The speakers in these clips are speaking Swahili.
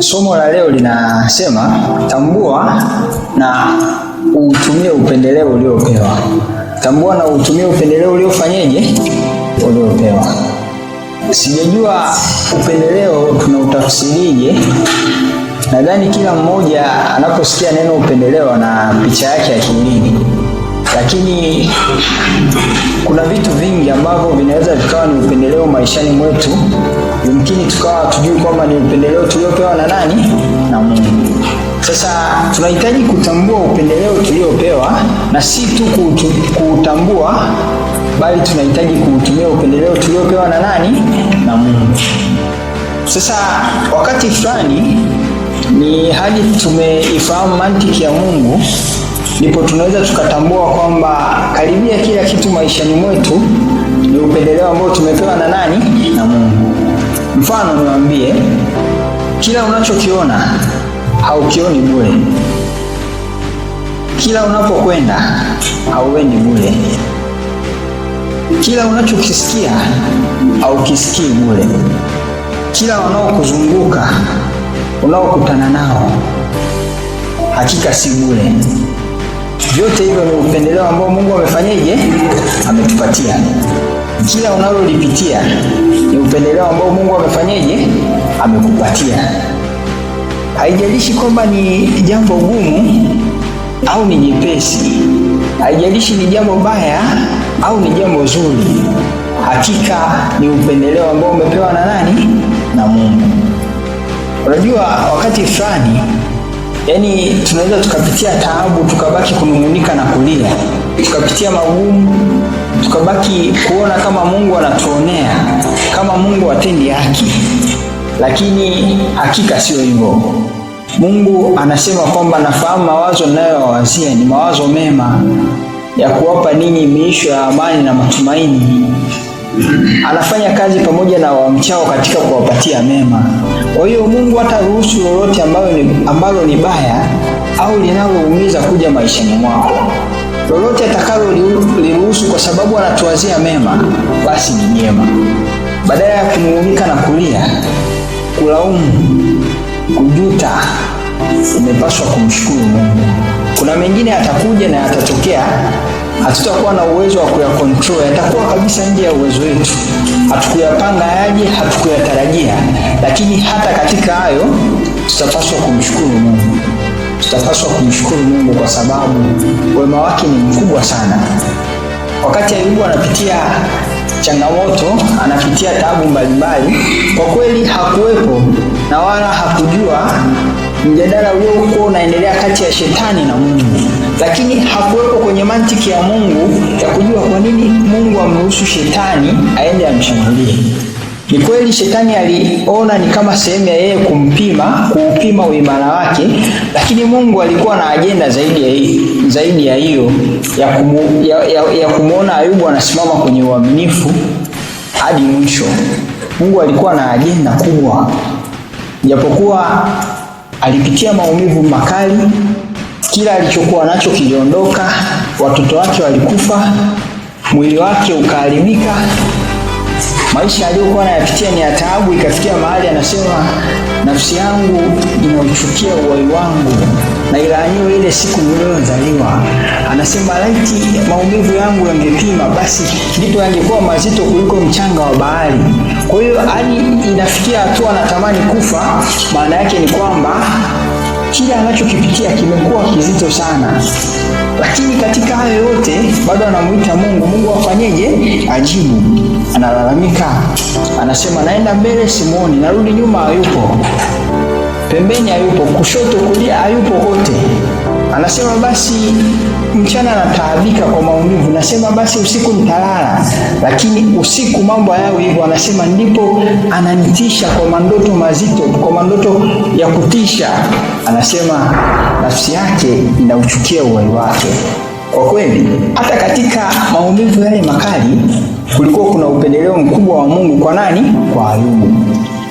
Somo la leo linasema tambua na utumie upendeleo uliopewa. Tambua na utumie upendeleo uliofanyeje, uliopewa. Sijajua upendeleo tuna utafsirije. Nadhani kila mmoja anaposikia neno upendeleo na picha yake akilini lakini kuna vitu vingi ambavyo vinaweza vikawa ni upendeleo maishani mwetu, yumkini tukawa tujui kwamba ni upendeleo tuliopewa na nani? Na Mungu. Sasa tunahitaji kutambua upendeleo tuliopewa na si tu kuutambua, bali tunahitaji kuutumia upendeleo tuliopewa na nani? Na Mungu. Sasa wakati fulani ni hadi tumeifahamu mantiki ya Mungu ndipo tunaweza tukatambua kwamba karibia kila kitu maishani mwetu ni upendeleo ambao tumepewa na nani? Na Mungu. Mfano, niwaambie, kila unachokiona haukioni bure, kila unapokwenda hauendi bure, kila unachokisikia haukisikii bure, kila wanaokuzunguka unaokutana nao hakika si bure. Vyote hivyo ni upendeleo ambao Mungu amefanyaje? Ametupatia. Kila unalolipitia ni upendeleo ambao Mungu amefanyaje? Amekupatia. Haijalishi kwamba ni jambo gumu au ni nyepesi haijalishi ni jambo baya au ni jambo zuri, hakika ni upendeleo ambao umepewa na nani? Na Mungu. Unajua wakati fulani Yaani tunaweza tukapitia taabu tukabaki kunung'unika na kulia, tukapitia magumu tukabaki kuona kama Mungu anatuonea, kama Mungu atendi haki, lakini hakika sio hivyo. Mungu anasema kwamba nafahamu mawazo inayowawazia ni mawazo mema ya kuwapa ninyi miisho ya amani na matumaini anafanya kazi pamoja na wamchao katika kuwapatia mema. Kwa hiyo Mungu hataruhusu lolote ambalo ni, ambalo ni baya au linaloumiza kuja maishani mwako. Lolote atakaloliruhusu kwa sababu anatuwazia mema, basi ni jema, badala ya kunung'unika na kulia, kulaumu, kujuta. Umepaswa kumshukuru Mungu. Kuna mengine atakuja na yatatokea hatutakuwa na uwezo wa kuyakontrol, yatakuwa kabisa nje ya uwezo wetu. Hatukuyapanga yaje, hatukuyatarajia, lakini hata katika hayo tutapaswa kumshukuru Mungu, tutapaswa kumshukuru Mungu kwa sababu wema wake ni mkubwa sana. Wakati Ayubu anapitia changamoto, anapitia taabu mbalimbali, kwa kweli hakuwepo na wala hakujua mjadala uliokuwa unaendelea kati ya shetani na Mungu lakini hakuwepo kwenye mantiki ya Mungu ya kujua kwa nini Mungu amruhusu shetani aende amshambulie. Ni kweli shetani aliona ni kama sehemu ya yeye kumpima, kuupima uimara wake, lakini Mungu alikuwa na ajenda zaidi ya zaidi ya hiyo ya, kumu, ya, ya, ya kumwona Ayubu anasimama kwenye uaminifu hadi mwisho. Mungu alikuwa na ajenda kubwa, japokuwa alipitia maumivu makali kila alichokuwa nacho kiliondoka, watoto wake walikufa, mwili wake ukaalimika. Maisha aliyokuwa anayapitia ni ya taabu, ikafikia mahali anasema, nafsi yangu inauchukia uhai wangu na ilaaniwe ile siku niliyozaliwa. Anasema laiti maumivu yangu yangepima, basi ndipo yangekuwa mazito kuliko mchanga wa bahari. Kwa hiyo hadi inafikia hatua anatamani kufa. Maana yake ni kwamba kile anachokipitia kimekuwa kizito sana, lakini katika hayo yote bado anamuita Mungu. Mungu afanyeje? Ajibu. Analalamika, anasema naenda mbele, simuoni, narudi nyuma, hayupo pembeni, hayupo kushoto, kulia, hayupo kote. Anasema basi mchana nataabika kwa maumivu, nasema basi usiku nitalala, lakini usiku mambo hayawi hivyo. Anasema ndipo ananitisha kwa mandoto mazito, kwa mandoto ya kutisha. Anasema nafsi yake inauchukia uhai wake. Kwa kweli, hata katika maumivu yale makali kulikuwa kuna upendeleo mkubwa wa Mungu kwa nani? Kwa Ayubu,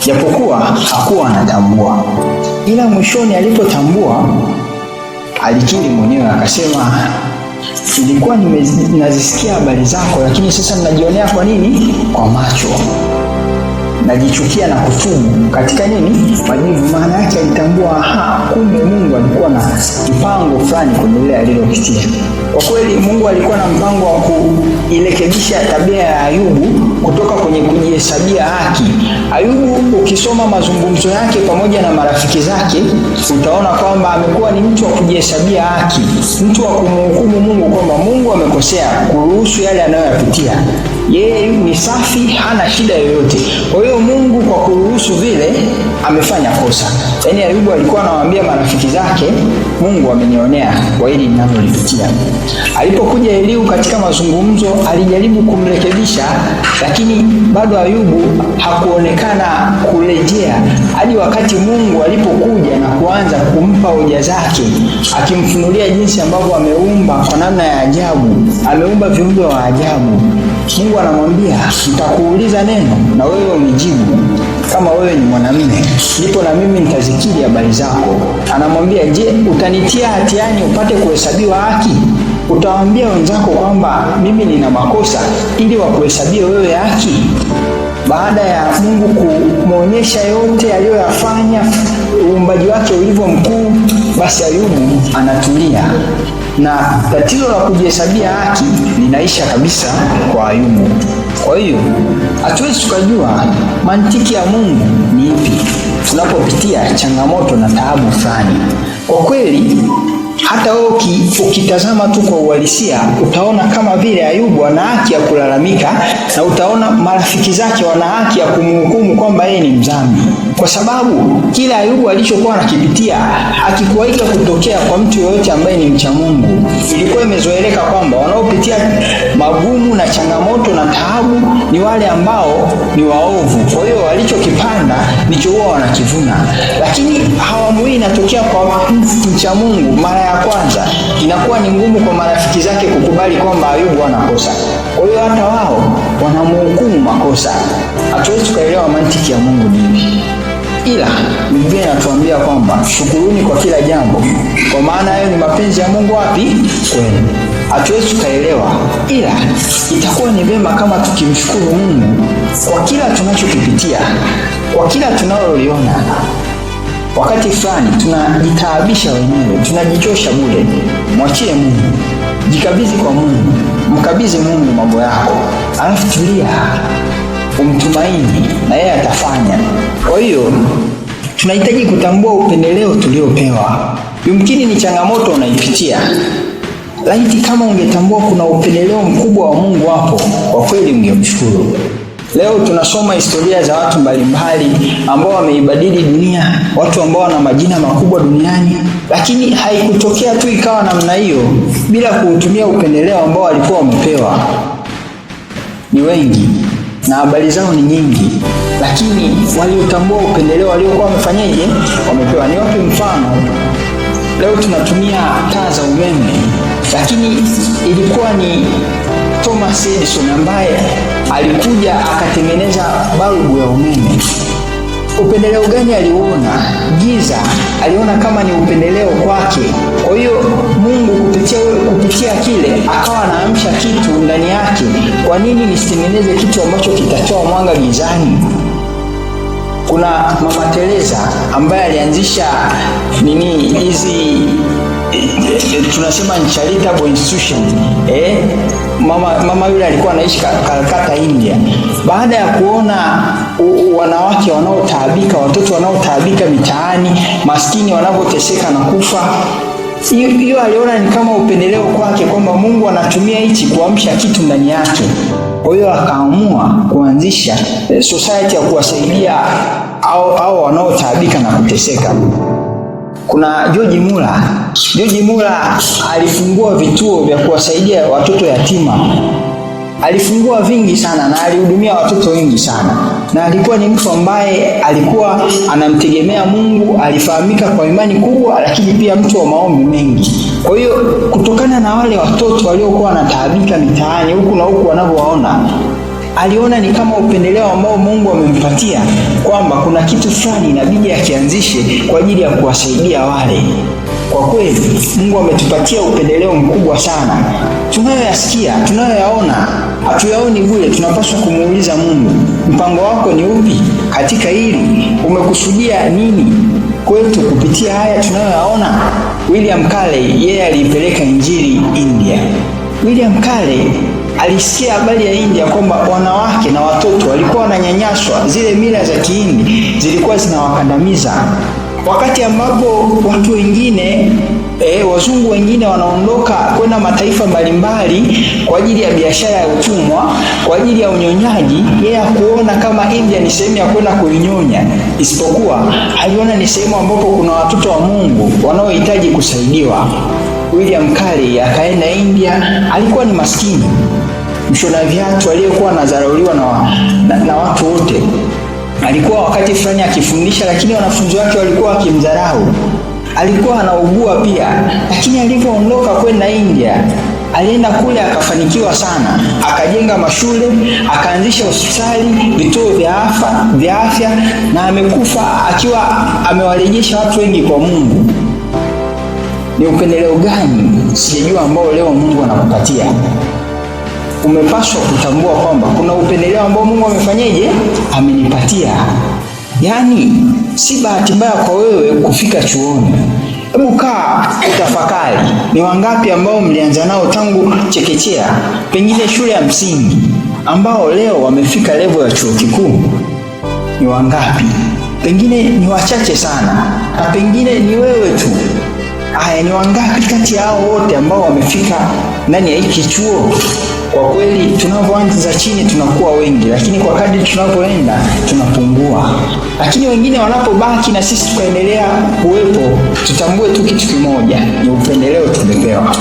japokuwa hakuwa anatambua, ila mwishoni alipotambua alikiri mwenyewe akasema, nilikuwa nazisikia habari zako, lakini sasa ninajionea kwa nini kwa macho, najichukia na kutubu katika nini majivu. Maana yake alitambua, aha, kumbe Mungu alikuwa na mpango fulani kwenye lile alilopitia. Kwa kweli Mungu alikuwa na mpango wa kuirekebisha tabia ya Ayubu kutoka kwenye kujihesabia haki. Ayubu ukisoma mazungumzo yake pamoja na marafiki zake utaona kwamba amekuwa ni mtu wa kujihesabia haki, mtu wa kumhukumu Mungu kwamba Mungu amekosea kuruhusu yale anayoyapitia. Yeye ni safi, hana shida yoyote. Kwa hiyo Mungu kwa kuruhusu vile amefanya kosa. Yaani Ayubu alikuwa anawaambia marafiki zake Mungu amenionea kwa hili ninalolipitia. Alipokuja Eliu katika mazungumzo, alijaribu kumrekebisha, lakini bado Ayubu hakuonekana kurejea hadi wakati Mungu alipokuja na kuanza kumpa hoja zake, akimfunulia jinsi ambavyo ameumba kwa namna ya ajabu, ameumba viumbe wa ajabu. Mungu anamwambia, nitakuuliza neno na wewe unijibu kama wewe ni mwanamume, nipo na mimi nitazikiri habari zako. Anamwambia, je, utanitia hatiani upate kuhesabiwa haki? Utawaambia wenzako kwamba mimi nina makosa ili wakuhesabie wewe haki? Baada ya Mungu kumwonyesha yote aliyoyafanya, uumbaji wake ulivyo mkuu, basi Ayubu anatulia na tatizo la kujihesabia haki linaisha kabisa kwa Ayubu. Kwa hiyo hatuwezi tukajua mantiki ya Mungu ni ipi tunapopitia changamoto na taabu fulani. Kwa kweli hata wewe ukitazama tu kwa uhalisia utaona kama vile Ayubu ana haki ya kulalamika, na utaona marafiki zake wana haki ya kumhukumu kwamba yeye ni mzambi kwa sababu kila Ayubu alichokuwa anakipitia akikuwaika kutokea kwa mtu yoyote ambaye ni mcha Mungu. Ilikuwa imezoeleka kwamba wanaopitia magumu na changamoto na taabu ni wale ambao ni waovu, kwa hiyo walichokipanda ndicho huwa wanakivuna. Lakini awamu hii inatokea kwa mcha Mungu. Mara ya kwanza inakuwa ni ngumu kwa marafiki zake kukubali kwamba Ayubu anakosa, kwa hiyo hata wao wanamhukumu makosa. Hatuwezi tukaelewa mantiki ya Mungu nini ila Biblia inatuambia kwamba shukuruni kwa kila jambo, kwa maana hayo ni mapenzi ya Mungu wapi kwenu. Hatuwezi tukaelewa, ila itakuwa ni vema kama tukimshukuru Mungu kwa kila tunachokipitia, kwa kila tunaloliona. Wakati fulani tunajitaabisha wenyewe, tunajichosha bure. Mwachie Mungu, jikabidhi kwa Mungu, mkabidhi Mungu mambo yako, alafu tulia umtumaini na yeye atafanya. Kwa hiyo tunahitaji kutambua upendeleo tuliopewa. Yumkini ni changamoto unaipitia, lakini kama ungetambua kuna upendeleo mkubwa wa Mungu hapo, kwa kweli ungemshukuru. Leo tunasoma historia za watu mbalimbali ambao wameibadili dunia, watu ambao wana majina makubwa duniani, lakini haikutokea tu ikawa namna hiyo bila kuutumia upendeleo ambao walikuwa wamepewa. Ni wengi na habari zao ni nyingi, lakini waliotambua upendeleo waliokuwa wamefanyaje, wamepewa. Ni wapi mfano? Leo tunatumia taa za umeme, lakini ilikuwa ni Thomas Edison ambaye alikuja akatengeneza balbu ya umeme. Upendeleo gani aliuona? Giza aliona kama ni upendeleo kwake. Kwa hiyo Mungu kupitia kupitia kile akawa anaamsha kitu ndani yake. Kwa nini nisitengeneze kitu ambacho kitatoa mwanga gizani? Kuna Mama Teresa ambaye alianzisha nini hizi eh, tunasema charitable institution eh? Mama, mama yule alikuwa anaishi Calcutta, India. Baada ya kuona wanawake wanaotaabika, watoto wanaotaabika mitaani, maskini wanavyoteseka na kufa hiyo aliona ni kama upendeleo kwake kwamba Mungu anatumia hichi kuamsha kitu ndani yake. Kwa hiyo akaamua kuanzisha eh, society ya kuwasaidia au, au wanaotaabika na kuteseka. Kuna George Mula. George Mula alifungua vituo vya kuwasaidia watoto yatima alifungua vingi sana na alihudumia watoto wengi sana, na alikuwa ni mtu ambaye alikuwa anamtegemea Mungu, alifahamika kwa imani kubwa, lakini pia mtu wa maombi mengi. Kwa hiyo kutokana na wale watoto waliokuwa wanataabika mitaani huku na huku wanavyowaona aliona ni kama upendeleo ambao Mungu amempatia kwamba kuna kitu fulani inabidi akianzishe kwa ajili ya kuwasaidia wale. Kwa kweli Mungu ametupatia upendeleo mkubwa sana. Tunayoyasikia, tunayoyaona hatuyaoni bure, tunapaswa kumuuliza Mungu, mpango wako ni upi katika hili? Umekusudia nini kwetu kupitia haya tunayoyaona? William Carey yeye aliipeleka injili India. William Carey alisikia habari ya India kwamba wanawake na watoto walikuwa wananyanyaswa, zile mila za Kihindi zilikuwa zinawakandamiza wakati ambapo watu wengine e, wazungu wengine wanaondoka kwenda mataifa mbalimbali kwa ajili ya biashara ya utumwa, kwa ajili ya unyonyaji, yeye hakuona kama India ni sehemu ya kwenda kuinyonya, isipokuwa aliona ni sehemu ambapo kuna watoto wa Mungu wanaohitaji kusaidiwa. William Carey akaenda India, alikuwa ni maskini mshona viatu aliyekuwa anadharauliwa na, na, na watu wote Alikuwa wakati fulani akifundisha, lakini wanafunzi wake walikuwa wakimdharau. Alikuwa anaugua pia, lakini alivyoondoka kwenda India alienda kule akafanikiwa sana, akajenga mashule, akaanzisha hospitali, vituo vya afya vya afya, na amekufa akiwa amewarejesha watu wengi kwa Mungu. Ni upendeleo gani sijajua ambao leo Mungu anakupatia? umepaswa kutambua kwamba kuna upendeleo ambao Mungu amefanyaje, amenipatia. Yaani si bahati mbaya kwa wewe kufika chuoni. Hebu kaa utafakari, ni wangapi ambao mlianza nao tangu chekechea, pengine shule ya msingi, ambao leo wamefika levo ya chuo kikuu? Ni wangapi? Pengine ni wachache sana, na pengine ni wewe tu. Haya, ni wangapi kati hao wote ambao wamefika ndani ya hiki chuo? Kwa kweli tunavyoanza chini tunakuwa wengi, lakini kwa kadri tunavyoenda tunapungua. Lakini wengine wanapobaki na sisi tukaendelea kuwepo, tutambue tu kitu kimoja, ni upendeleo tumepewa.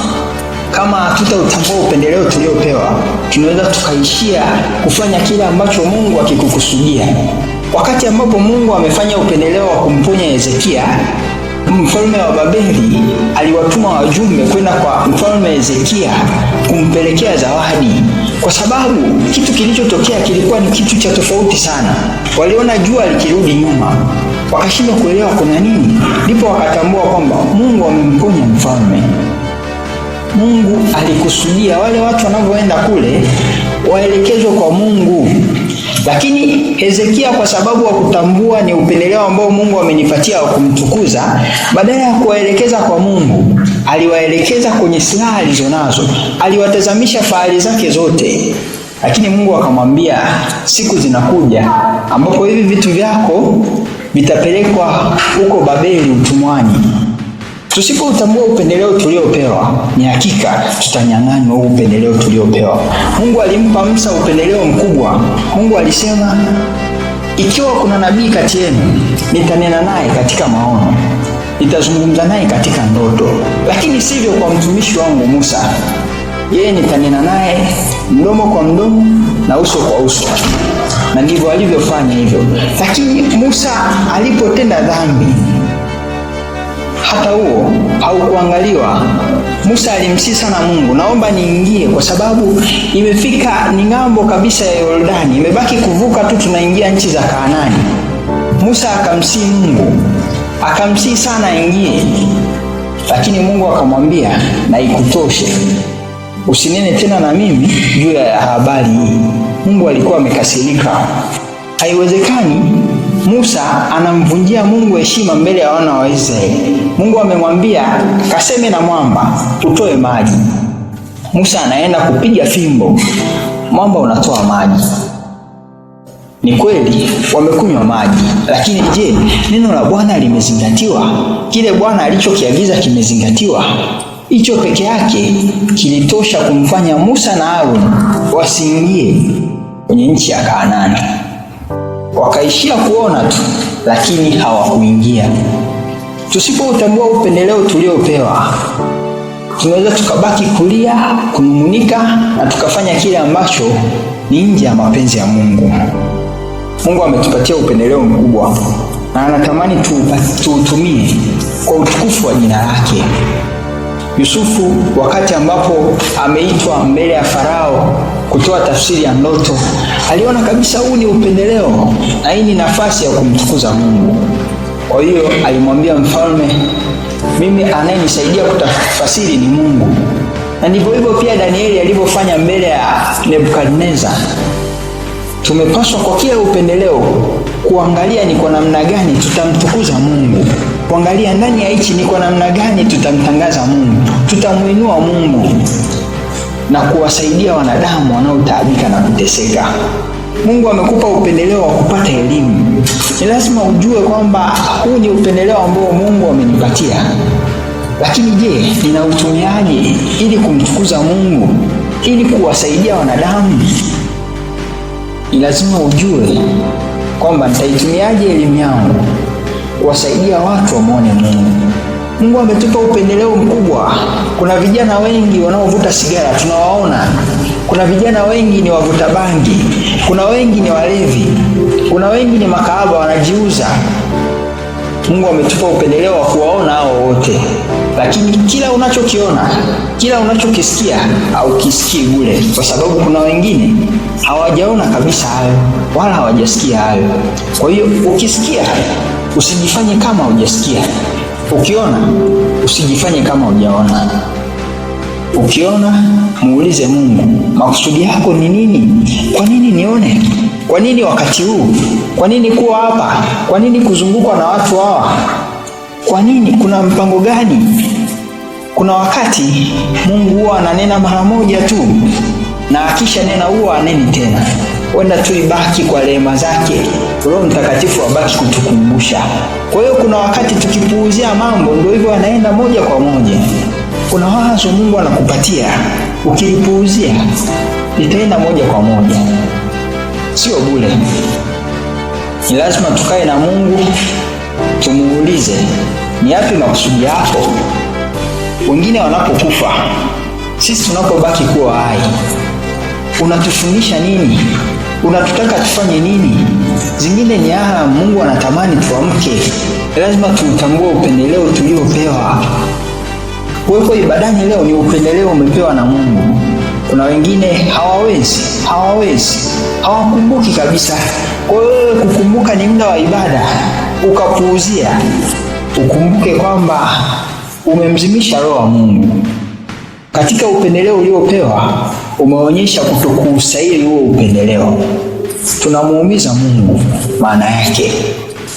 Kama hatutautambua upendeleo tuliopewa, tunaweza tukaishia kufanya kile ambacho Mungu akikukusudia, wakati ambapo Mungu amefanya upendeleo wa kumponya Hezekia mfalme wa Babeli aliwatuma wajumbe kwenda kwa mfalme Hezekia kumpelekea zawadi, kwa sababu kitu kilichotokea kilikuwa ni kitu cha tofauti sana. Waliona jua likirudi nyuma, wakashindwa kuelewa kuna nini. Ndipo wakatambua kwamba Mungu amemponya mfalme. Mungu alikusudia wale watu wanavyoenda kule waelekezwe kwa Mungu. Lakini Hezekia kwa sababu wa kutambua ni upendeleo ambao Mungu amenipatia wa kumtukuza, badala ya kuwaelekeza kwa Mungu, aliwaelekeza kwenye silaha alizonazo, aliwatazamisha fahari zake zote. Lakini Mungu akamwambia, siku zinakuja ambapo hivi vitu vyako vitapelekwa huko Babeli utumwani. Tusipoutambua upendeleo tuliopewa, ni hakika tutanyang'anywa huu upendeleo tuliopewa. Mungu alimpa Musa upendeleo mkubwa. Mungu alisema, ikiwa kuna nabii kati yenu, nitanena naye katika maono, nitazungumza naye katika ndoto, lakini sivyo kwa mtumishi wangu Musa. Yeye nitanena naye mdomo kwa mdomo na uso kwa uso na ndivyo alivyofanya hivyo. Lakini Musa alipotenda dhambi hata huo au kuangaliwa. Musa alimsii sana Mungu, naomba niingie, kwa sababu imefika ni ng'ambo kabisa ya Yordani, imebaki kuvuka tu, tunaingia nchi za Kaanani. Musa akamsii Mungu, akamsii sana aingie, lakini Mungu akamwambia, na ikutoshe, usinene tena na mimi juu ya habari hii. Mungu alikuwa amekasirika, haiwezekani Musa anamvunjia Mungu heshima mbele ya wana wa Israeli. Mungu amemwambia kaseme na mwamba utoe maji. Musa anaenda kupiga fimbo, mwamba unatoa maji. Ni kweli wamekunywa maji, lakini je, neno la Bwana limezingatiwa? Kile Bwana alichokiagiza kimezingatiwa? Hicho peke yake kilitosha kumfanya Musa na Aaron wasiingie kwenye nchi ya Kanaani wakaishia kuona tu, lakini hawakuingia. Tusipoutambua upendeleo tuliopewa, tunaweza tukabaki kulia, kunung'unika na tukafanya kile ambacho ni nje ya mapenzi ya Mungu. Mungu ametupatia upendeleo mkubwa na anatamani tuutumie kwa utukufu wa jina lake. Yusufu wakati ambapo ameitwa mbele ya Farao kutoa tafsiri ya ndoto aliona kabisa huu ni upendeleo na hii ni nafasi ya kumtukuza Mungu. Kwa hiyo alimwambia mfalme, mimi anayenisaidia kutafasiri ni Mungu, na ndivyo hivyo pia Danieli alivyofanya mbele ya Nebukadneza. Tumepaswa kwa kila upendeleo kuangalia ni kwa namna gani tutamtukuza Mungu, kuangalia ndani ya hichi ni kwa namna gani tutamtangaza Mungu, tutamuinua Mungu na kuwasaidia wanadamu wanaotaabika na kuteseka. Mungu amekupa upendeleo wa kupata elimu. Ni lazima ujue kwamba huu ni upendeleo ambao Mungu amenipatia, lakini je, ninautumiaje ili kumtukuza Mungu, ili kuwasaidia wanadamu? Ni lazima ujue kwamba nitaitumiaje elimu yangu kuwasaidia watu wamwone Mungu. Mungu ametupa upendeleo mkubwa. Kuna vijana wengi wanaovuta sigara, tunawaona. Kuna vijana wengi ni wavuta bangi, kuna wengi ni walevi, kuna wengi ni makahaba wanajiuza. Mungu ametupa upendeleo wa kuwaona hao wote, lakini kila unachokiona, kila unachokisikia au kisikii bure, kwa sababu kuna wengine hawajaona kabisa hayo wala hawajasikia hayo. Kwa hiyo ukisikia usijifanye kama hujasikia. Ukiona usijifanye kama hujaona. Ukiona muulize Mungu, makusudi yako ni nini? Kwa nini nione? Kwa nini wakati huu? Kwa nini kuwa hapa? Kwa nini kuzungukwa na watu hawa? Kwa nini? Kuna mpango gani? Kuna wakati Mungu huwa ananena mara moja tu, na akisha nena huwa aneni tena wenda tuibaki kwa rehema zake, Roho Mtakatifu abaki kutukumbusha. Kwa hiyo kuna wakati tukipuuzia mambo, ndio hivyo anaenda moja kwa moja. Kuna wazo Mungu anakupatia, ukilipuuzia litaenda moja kwa moja, sio bure. Ni lazima tukae na Mungu, tumuulize ni yapi makusudi yako. Wengine wanapokufa, sisi tunapobaki kuwa hai, unatufundisha nini? unatutaka tufanye nini? Zingine ni aha, Mungu anatamani tuamke. Lazima tutambue upendeleo tuliopewa. Kuwepo ibadani leo ni upendeleo umepewa na Mungu. Kuna wengine hawawezi, hawawezi, hawakumbuki kabisa. Kwa hiyo kukumbuka ni muda wa ibada ukapuuzia, ukumbuke kwamba umemzimisha roho wa Mungu katika upendeleo uliopewa umeonyesha kutokuusaili huo upendeleo, tunamuumiza Mungu. Maana yake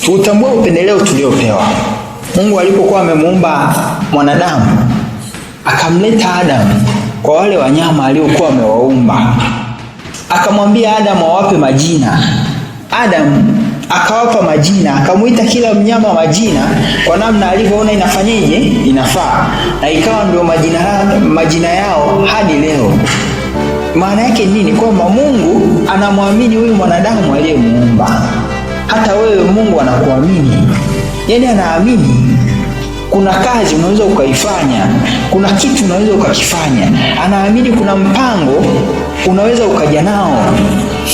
tuutambue upendeleo tuliopewa. Mungu alipokuwa amemuumba mwanadamu akamleta Adamu kwa wale wanyama aliokuwa amewaumba, akamwambia Adamu awape majina. Adamu akawapa majina, akamwita kila mnyama majina kwa namna alivyoona inafanyeje, inafaa, na ikawa ndio majina, majina yao hadi leo. Maana yake nini? Kwamba Mungu anamwamini huyu mwanadamu aliyemuumba. Hata wewe Mungu anakuamini, yaani anaamini kuna kazi unaweza ukaifanya, kuna kitu unaweza ukakifanya. Anaamini kuna mpango unaweza ukaja nao.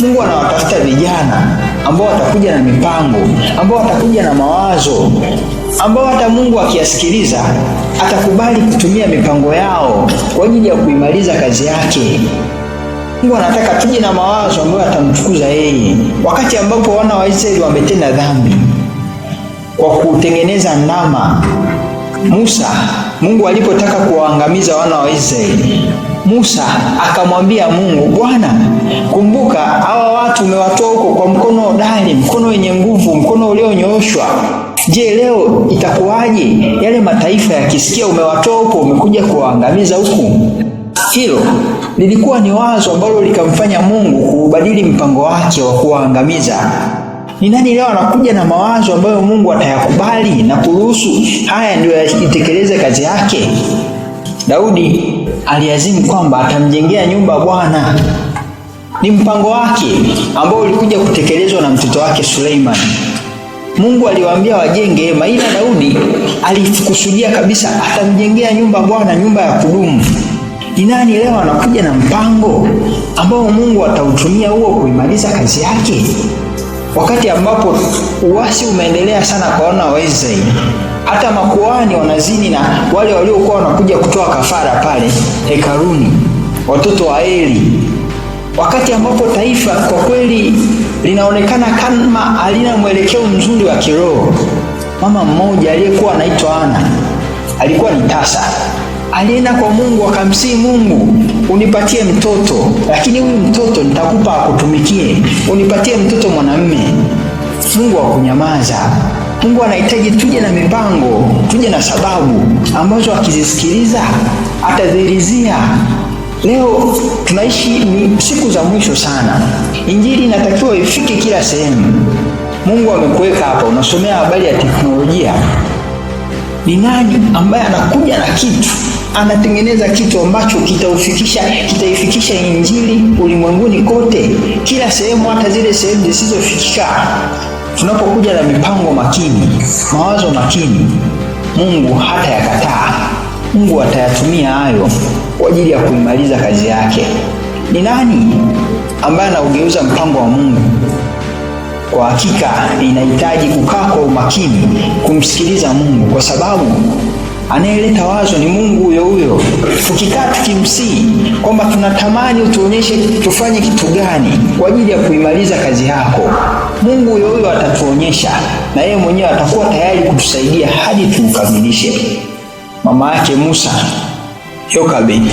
Mungu anawatafuta vijana ambao watakuja na mipango, ambao watakuja na mawazo, ambao hata Mungu akiyasikiliza atakubali kutumia mipango yao kwa ajili ya kuimaliza kazi yake. Mungu anataka tuje na mawazo ambayo atamtukuza yeye, wakati ambapo wana wa Israeli wametenda dhambi kwa kutengeneza ndama. Musa, Mungu alipotaka kuwaangamiza wana wa Israeli, Musa akamwambia Mungu, Bwana, kumbuka hawa watu umewatoa huko kwa mkono hodari, mkono wenye nguvu, mkono ulionyooshwa Je, leo itakuwaje yale mataifa yakisikia umewatoa huko, umekuja kuwaangamiza huku? Hilo lilikuwa ni wazo ambalo likamfanya Mungu kuubadili mpango wake wa kuwaangamiza. Ni nani leo anakuja na mawazo ambayo Mungu atayakubali na kuruhusu haya ndio yaitekeleze kazi yake? Daudi aliazimu kwamba atamjengea nyumba Bwana. Ni mpango wake ambao ulikuja kutekelezwa na mtoto wake suleiman Mungu aliwaambia wajenge hema, ila Daudi alikusudia kabisa atamjengea nyumba Bwana, nyumba ya kudumu nani leo anakuja na mpango ambao Mungu atautumia huo kuimaliza kazi yake, wakati ambapo uasi umeendelea sana kwa wana wa Hata makuhani wanazini na wale waliokuwa wanakuja kutoa kafara pale hekaluni, watoto wa Eli, wakati ambapo taifa kwa kweli linaonekana kama halina mwelekeo mzuri wa kiroho. Mama mmoja aliyekuwa anaitwa Ana alikuwa ni tasa alienda kwa Mungu akamsii Mungu, unipatie mtoto, lakini huyu mtoto nitakupa akutumikie, unipatie mtoto mwanamume. Mungu akunyamaza. Mungu anahitaji tuje na mipango, tuje na sababu ambazo akizisikiliza atadhirizia. Leo tunaishi ni siku za mwisho sana. Injili inatakiwa ifike kila sehemu. Mungu amekuweka hapa, unasomea habari ya teknolojia ni nani ambaye anakuja na kitu anatengeneza kitu ambacho kitaufikisha kitaifikisha Injili ulimwenguni kote, kila sehemu, hata zile sehemu zisizofikika. Tunapokuja na mipango makini, mawazo makini, Mungu hata yakataa. Mungu atayatumia hayo kwa ajili ya kuimaliza kazi yake. Ni nani ambaye anaugeuza mpango wa Mungu kwa hakika inahitaji kukaa kwa umakini kumsikiliza Mungu, kwa sababu anayeleta wazo ni Mungu huyo huyo. Tukikata kimsingi kwamba tunatamani utuonyeshe tufanye kitu gani kwa ajili ya kuimaliza kazi yako, Mungu huyo huyo atatuonyesha, na yeye mwenyewe atakuwa tayari kutusaidia hadi tuukamilishe. Mama yake Musa Yokabedi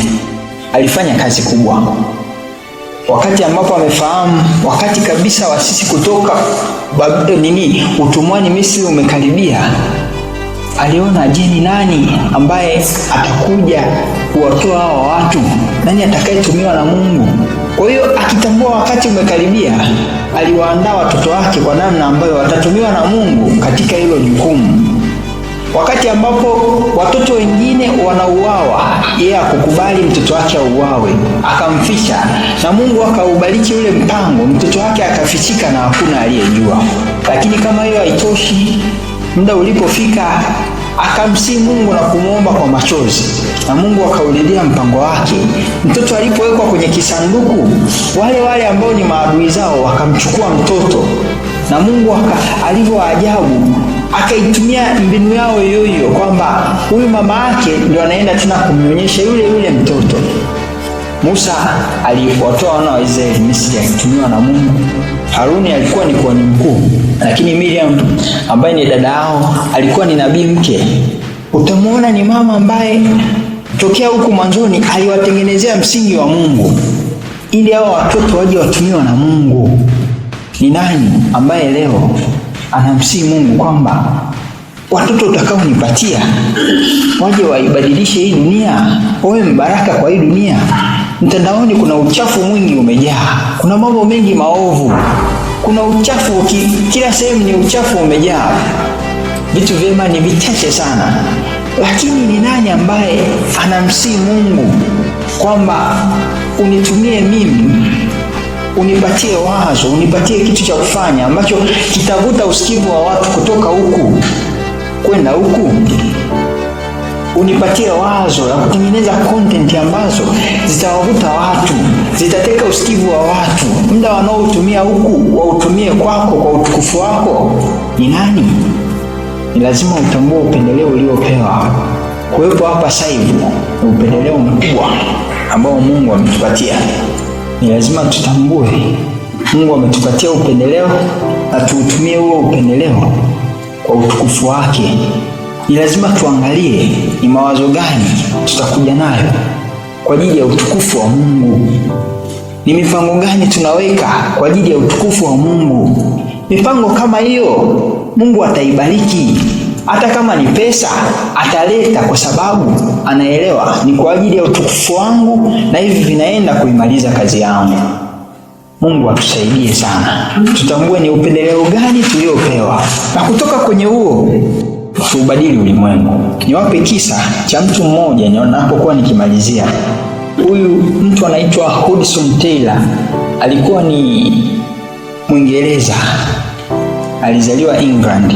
alifanya kazi kubwa wakati ambapo amefahamu wakati kabisa wa sisi kutoka babu, nini utumwani Misri umekaribia, aliona je, ni nani ambaye atakuja kuwatoa hawa watu? Nani atakayetumiwa na Mungu? Kwa hiyo akitambua wakati umekaribia, aliwaandaa watoto wake kwa namna ambayo watatumiwa na Mungu katika hilo jukumu. Wakati ambapo watoto wengine wanauawa, yeye akukubali mtoto wake auawe, akamficha, na Mungu akaubariki ule mpango, mtoto wake akafichika na hakuna aliyejua. Lakini kama hiyo haitoshi, muda ulipofika akamsii Mungu na kumwomba kwa machozi, na Mungu akaulilia mpango wake. Mtoto alipowekwa kwenye kisanduku, wale wale ambao ni maadui zao wakamchukua mtoto, na Mungu alivyo ajabu akaitumia mbinu yao yoyo kwamba huyu mama yake ndio anaenda tena kumnyonyesha yule yule mtoto. Musa aliwatoa wana wa Israeli Misri akitumiwa na Mungu. Haruni alikuwa ni kuani mkuu, lakini Miriam ambaye ni dada yao alikuwa ni nabii mke. Utamwona ni mama ambaye tokea huku mwanzoni aliwatengenezea msingi wa Mungu ili hao watoto waje watumiwa na Mungu. Ni nani ambaye leo anamsii Mungu kwamba watoto utakaonipatia waje waibadilishe hii dunia, wawe mbaraka kwa hii dunia. Mtandaoni kuna uchafu mwingi umejaa, kuna mambo mengi maovu, kuna uchafu kila sehemu, ni uchafu umejaa. Vitu vyema ni vichache sana, lakini ni nani ambaye anamsii Mungu kwamba unitumie mimi unipatie wazo, unipatie kitu cha kufanya ambacho kitavuta usikivu wa watu kutoka huku kwenda huku. Unipatie wazo la kutengeneza content ambazo zitawavuta watu, zitateka usikivu wa watu. Muda wanaoutumia huku wautumie kwako, kwa utukufu wako. Ni nani? Ni lazima utambue upendeleo uliopewa. Kuwepo hapa sasa hivi ni upendeleo mkubwa ambao Mungu ametupatia ni lazima tutambue Mungu ametupatia upendeleo na tuutumie huo upendeleo kwa utukufu wake. Ni lazima tuangalie ni mawazo gani tutakuja nayo kwa ajili ya utukufu wa Mungu. Ni mipango gani tunaweka kwa ajili ya utukufu wa Mungu? Mipango kama hiyo Mungu ataibariki hata kama ni pesa ataleta, kwa sababu anaelewa ni kwa ajili ya utukufu wangu, na hivi vinaenda kuimaliza kazi yangu. Mungu atusaidie sana, tutambue ni upendeleo gani tuliopewa, na kutoka kwenye huo tuubadili ulimwengu. Niwape kisa cha mtu mmoja ninapokuwa nikimalizia. Huyu mtu anaitwa Hudson Taylor, alikuwa ni Mwingereza, alizaliwa England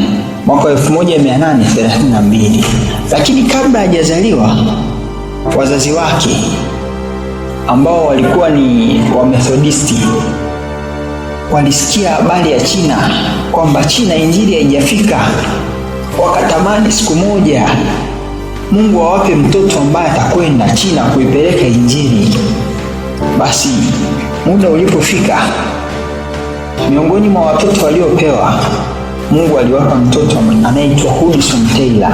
mwaka 1832, lakini kabla hajazaliwa wazazi wake ambao walikuwa ni Wamethodisti walisikia habari ya China kwamba China injili haijafika, wakatamani siku moja Mungu awape mtoto ambaye atakwenda China kuipeleka injili. Basi muda ulipofika, miongoni mwa watoto waliopewa Mungu aliwapa mtoto anayeitwa Hudson Taylor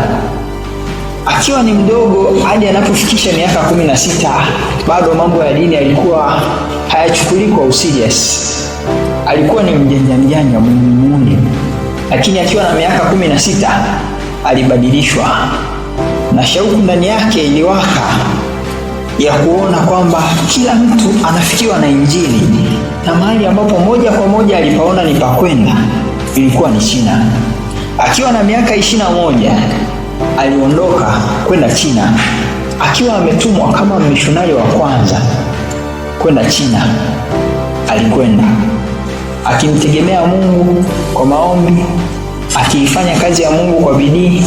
akiwa ni mdogo hadi anapofikisha miaka kumi na sita bado mambo ya dini alikuwa hayachukuliwi kwa serious. Alikuwa ni mjanja mjanja mwenye, lakini akiwa na miaka kumi na sita alibadilishwa na shauku ndani yake iliwaka ya kuona kwamba kila mtu anafikiwa na Injili na mahali ambapo moja kwa moja alipaona ni pakwenda ilikuwa ni China. Akiwa na miaka ishirini na moja aliondoka kwenda China akiwa ametumwa kama mishonari wa kwanza kwenda China. Alikwenda akimtegemea Mungu kwa maombi, akiifanya kazi ya Mungu kwa bidii.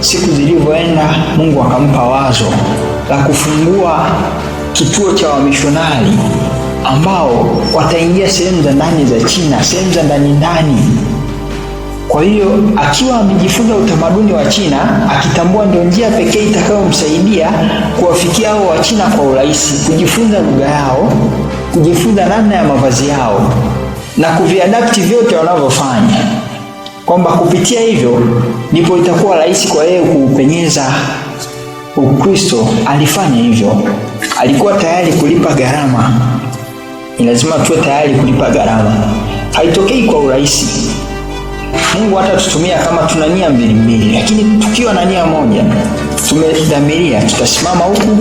Siku zilivyoenda, Mungu akampa wazo la kufungua kituo cha wamishonari ambao wataingia sehemu za ndani za China, sehemu za ndani ndani. Kwa hiyo akiwa amejifunza utamaduni wa China, akitambua ndio njia pekee itakayomsaidia kuwafikia hao wa China kwa urahisi, kujifunza lugha yao, kujifunza namna ya mavazi yao na kuviadapti vyote wanavyofanya, kwamba kupitia hivyo ndipo itakuwa rahisi kwa yeye kuupenyeza Ukristo. Alifanya hivyo, alikuwa tayari kulipa gharama ni lazima tuwe tayari kulipa gharama. Haitokei kwa urahisi. Mungu hata tutumia kama tuna nia mbili mbili, lakini tukiwa na nia moja, tumedhamiria tutasimama huku,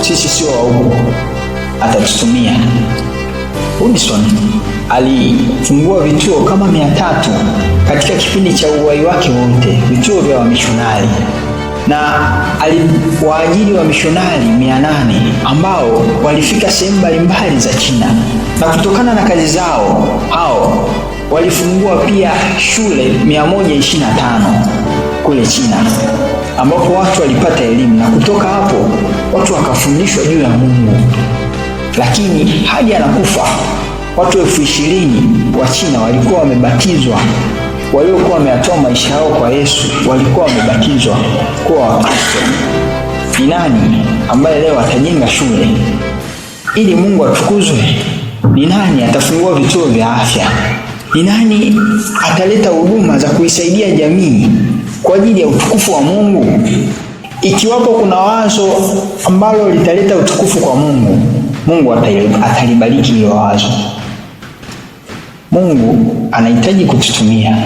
sisi sio wa huku, atatutumia. Unison alifungua vituo kama mia tatu katika kipindi cha uwai wake wote, vituo vya wamishonari na aliwaajiri wa mishonari mia ambao walifika sehemu mbalimbali za China, na kutokana na kazi zao hao walifungua pia shule 125 kule China ambapo watu walipata elimu, na kutoka hapo watu wakafundishwa juu ya Mungu. Lakini hadi anakufa watu elfu ishirini wa China walikuwa wamebatizwa waliokuwa wameatoa maisha yao kwa Yesu walikuwa wamebakizwa kuwa Wakristo. Ni nani ambaye leo atajenga shule ili Mungu atukuzwe? Ni nani atafungua vituo vya afya? Ni nani ataleta huduma za kuisaidia jamii kwa ajili ya utukufu wa Mungu? Ikiwapo kuna wazo ambalo litaleta utukufu kwa Mungu, Mungu atalibariki hilo wazo. Mungu anahitaji kututumia,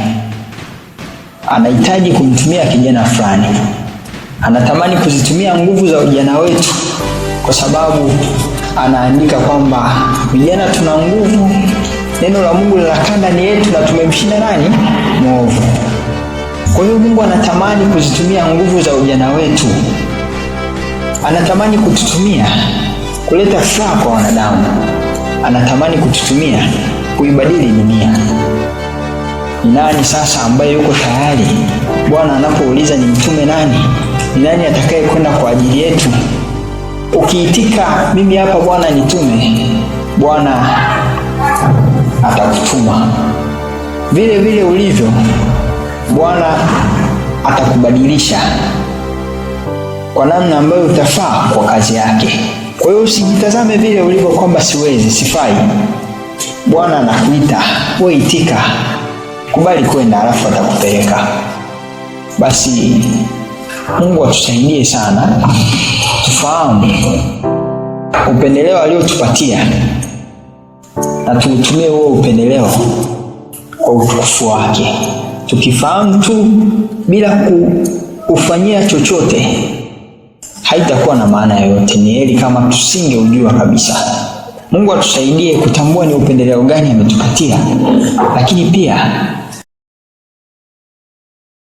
anahitaji kumtumia kijana fulani, anatamani kuzitumia nguvu za ujana wetu, kwa sababu anaandika kwamba vijana tuna nguvu, neno la Mungu linakaa ndani yetu na tumemshinda nani? Mwovu. Kwa hiyo Mungu anatamani kuzitumia nguvu za ujana wetu, anatamani kututumia kuleta furaha kwa wanadamu, anatamani kututumia kuibadili dunia. Ni nani sasa ambaye yuko tayari? Bwana anapouliza ni mtume nani, ni nani atakaye kwenda kwa ajili yetu? Ukiitika mimi hapa Bwana nitume, Bwana atakutuma vile vile ulivyo. Bwana atakubadilisha kwa namna ambayo utafaa kwa kazi yake. Kwa hiyo usijitazame vile ulivyo kwamba siwezi, sifai. Bwana anakuita wewe, itika, kubali kwenda, alafu atakupeleka. Basi Mungu atusaidie sana, tufahamu upendeleo aliotupatia na tuutumie huo upendeleo kwa utukufu wake, tukifahamu tu bila kuufanyia chochote haitakuwa na maana yoyote. Ni heri kama tusingeujua kabisa. Mungu atusaidie kutambua ni upendeleo gani ametupatia, lakini pia